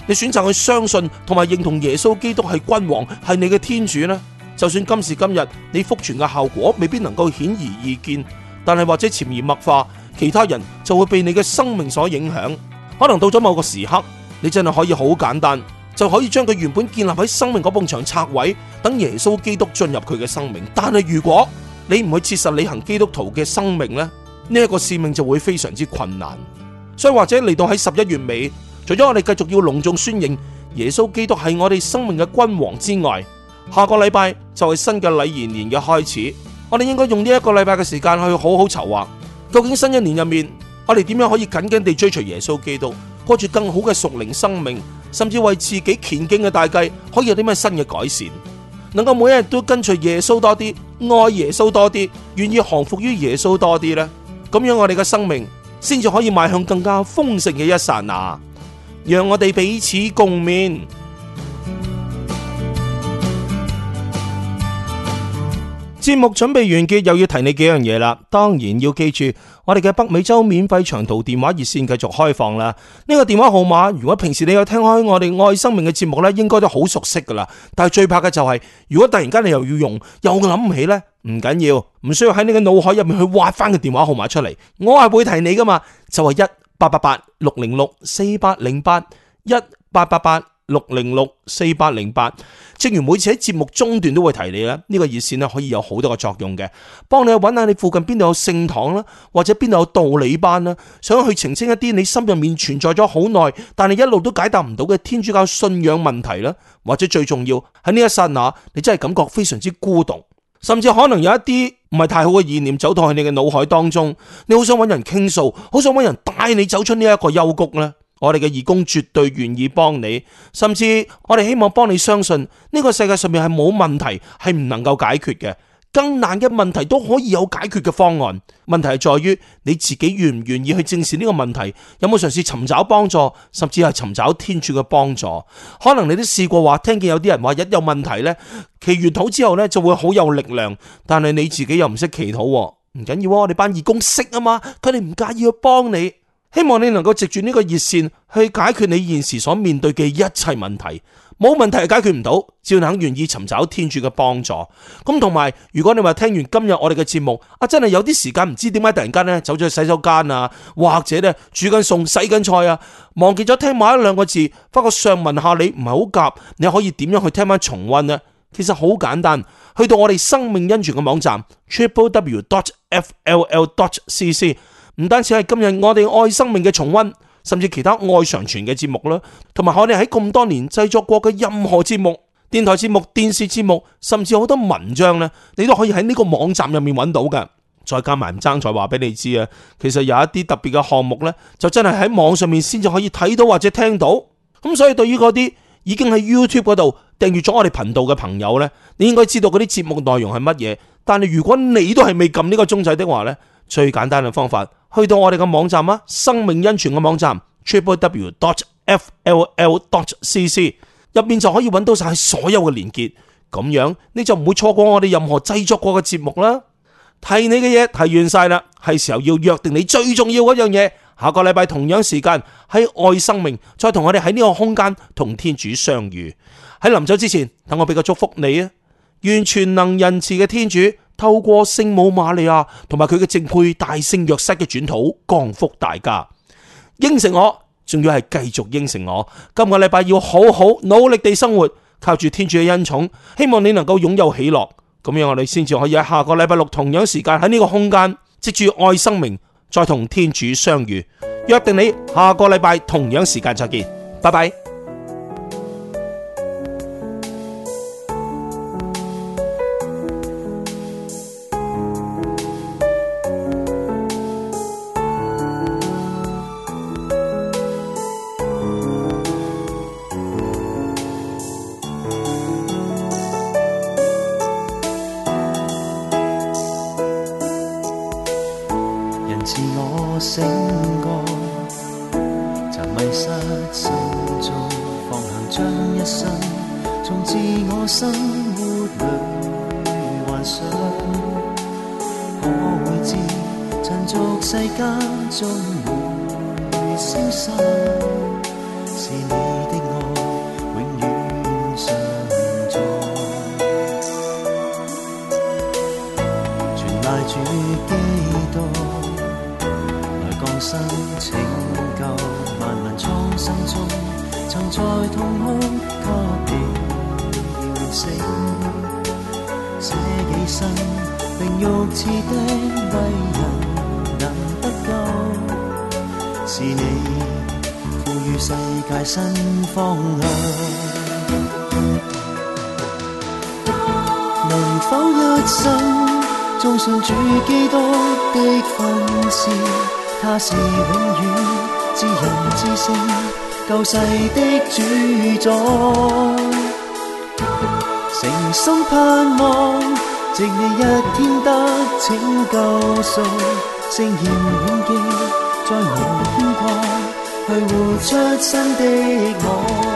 你選擇去相信同埋認同耶穌基督係君王，係你嘅天主呢？就算今時今日你福傳嘅效果未必能夠顯而易見，但係或者潛移默化，其他人就會被你嘅生命所影響。可能到咗某個時刻，你真係可以好簡單就可以將佢原本建立喺生命嗰埲牆拆毀，等耶穌基督進入佢嘅生命。但係如果你唔去切實履行基督徒嘅生命呢？呢、這、一個使命就會非常之困難，所以或者嚟到喺十一月尾，除咗我哋繼續要隆重宣認耶穌基督係我哋生命嘅君王之外，下個禮拜就係新嘅禮儀年嘅開始，我哋應該用呢一個禮拜嘅時間去好好籌劃，究竟新一年入面我哋點樣可以緊緊地追隨耶穌基督，過住更好嘅屬靈生命，甚至為自己前程嘅大計可以有啲咩新嘅改善，能夠每一日都跟隨耶穌多啲，愛耶穌多啲，願意降服於耶穌多啲呢？咁樣我哋嘅生命先至可以邁向更加豐盛嘅一剎那，讓我哋彼此共勉。節目準備完結，又要提你幾樣嘢啦，當然要記住。我哋嘅北美洲免費長途電話熱線繼續開放啦！呢個電話號碼，如果平時你有聽開我哋愛生命嘅節目咧，應該都好熟悉噶啦。但係最怕嘅就係，如果突然間你又要用，又諗唔起咧，唔緊要，唔需要喺你嘅腦海入面去挖翻個電話號碼出嚟。我係會提你噶嘛，就係一八八八六零六四八零八一八八八。六零六四八零八，正如每次喺節目中段都會提你咧，呢、呢個熱線咧，可以有好多個作用嘅，幫你去揾下你附近邊度有聖堂啦，或者邊度有道理班啦，想去澄清一啲你心入面存在咗好耐，但係一路都解答唔到嘅天主教信仰問題啦，或者最重要喺呢一剎那，你真係感覺非常之孤獨，甚至可能有一啲唔係太好嘅意念走到喺你嘅腦海當中，你好想揾人傾訴，好想揾人帶你走出呢一個幽谷咧。我哋嘅義工絕對願意幫你，甚至我哋希望幫你相信呢個世界上面係冇問題係唔能夠解決嘅，更難嘅問題都可以有解決嘅方案。問題係在於你自己願唔願意去正視呢個問題，有冇嘗試尋找幫助，甚至係尋找天主嘅幫助。可能你都試過話，聽見有啲人話一有問題呢，祈完禱之後呢就會好有力量，但係你自己又唔識祈禱，唔緊要，我哋班義工識啊嘛，佢哋唔介意去幫你。希望你能夠藉住呢個熱線去解決你現時所面對嘅一切問題，冇問題係解決唔到，只要你能願意尋找天主嘅幫助。咁同埋，如果你話聽完今日我哋嘅節目，啊，真係有啲時間唔知點解突然間咧走咗去洗手間啊，或者咧煮緊餸洗緊菜啊，忘記咗聽埋一兩個字，發覺上文下理唔係好夾，你可以點樣去聽翻重溫呢？其實好簡單，去到我哋生命恩泉嘅網站 www.fll.cc。Www .fll .cc 唔單止係今日我哋愛生命嘅重温，甚至其他愛常存嘅節目啦，同埋我哋喺咁多年製作過嘅任何節目、電台節目、電視節目，甚至好多文章呢，你都可以喺呢個網站入面搵到㗎。再加埋唔爭在話俾你知啊，其實有一啲特別嘅項目呢，就真係喺網上面先至可以睇到或者聽到。咁所以對於嗰啲已經喺 YouTube 嗰度訂閱咗我哋頻道嘅朋友呢，你應該知道嗰啲節目內容係乜嘢。但係如果你都係未撳呢個鐘仔的話呢。最簡單嘅方法，去到我哋嘅網站啊，生命恩泉嘅網站 www.fll.cc 入面，就可以揾到晒所有嘅連結，咁樣你就唔會錯過我哋任何製作過嘅節目啦。提你嘅嘢提完晒啦，係時候要約定你最重要嗰樣嘢，下個禮拜同樣時間喺愛生命，再同我哋喺呢個空間同天主相遇。喺臨走之前，等我俾個祝福你啊！願全能仁慈嘅天主。透過聖母瑪利亞同埋佢嘅正配大聖若瑟嘅轉土，降福大家。應承我，仲要係繼續應承我。今個禮拜要好好努力地生活，靠住天主嘅恩寵，希望你能夠擁有喜樂。咁樣我哋先至可以喺下個禮拜六同樣時間喺呢個空間藉住愛生命，再同天主相遇。約定你下個禮拜同樣時間再見，拜拜。是你賦予世界新方向， 能否一生忠信主基督的訓示？他是永遠知人知性、救世的主宰。誠心盼望，借你一天得拯救贖，聖言永記。再無牽掛，去活出新的我。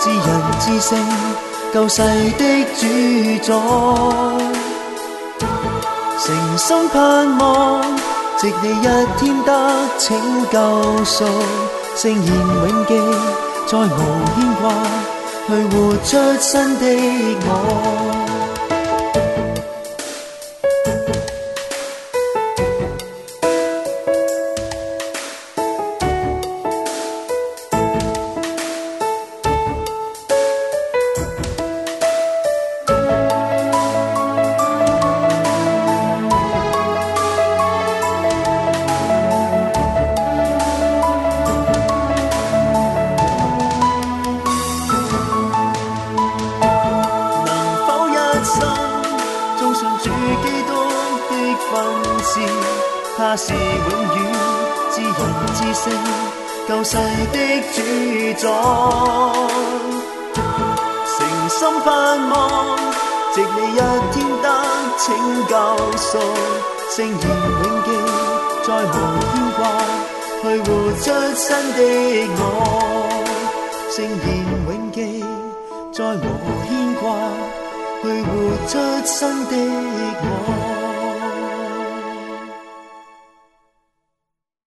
知人知性，救世的主宰，誠心盼望，值你一天得拯救贖，聖言永記，再無牽掛，去活出新的我。